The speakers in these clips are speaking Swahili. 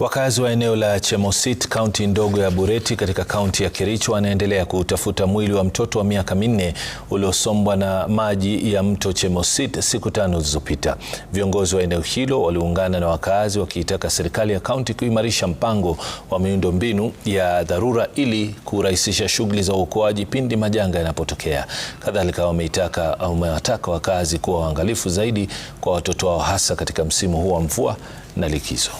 Wakazi wa eneo la Chemosit, kaunti ndogo ya Bureti katika kaunti ya Kericho wanaendelea kutafuta mwili wa mtoto wa miaka minne uliosombwa na maji ya mto Chemosit siku tano zilizopita. Viongozi wa eneo hilo waliungana na wakazi wakiitaka serikali ya kaunti kuimarisha mpango wa miundombinu ya dharura ili kurahisisha shughuli za uokoaji pindi majanga yanapotokea. Kadhalika, wameitaka wamewataka wakazi kuwa waangalifu zaidi kwa watoto wao hasa katika msimu huu wa mvua na likizo.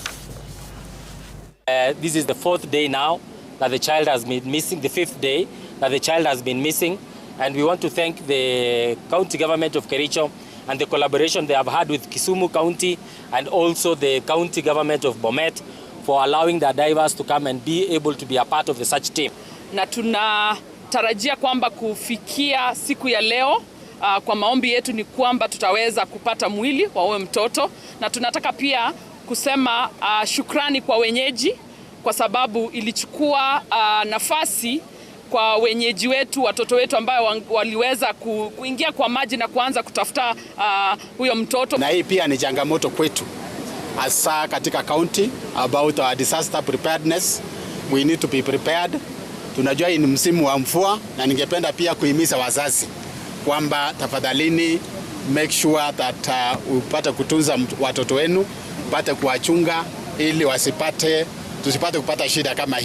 Uh, this is the fourth day now that the child has been missing, the fifth day that the child has been missing. And we want to thank the county government of Kericho and the collaboration they have had with Kisumu County and also the county government of Bomet for allowing the divers to come and be able to be a part of the search team. Na tunatarajia kwamba kufikia siku ya leo uh, kwa maombi yetu ni kwamba tutaweza kupata mwili wa huyo mtoto na tunataka pia kusema uh, shukrani kwa wenyeji kwa sababu ilichukua uh, nafasi kwa wenyeji wetu, watoto wetu ambao waliweza kuingia kwa maji na kuanza kutafuta uh, huyo mtoto. Na hii pia ni changamoto kwetu, hasa katika county about our disaster preparedness, we need to be prepared. Tunajua hii ni msimu wa mvua, na ningependa pia kuhimiza wazazi kwamba tafadhalini make sure that uh, upate kutunza watoto wenu, upate kuwachunga ili wasipate tusipate kupata shida kama hii.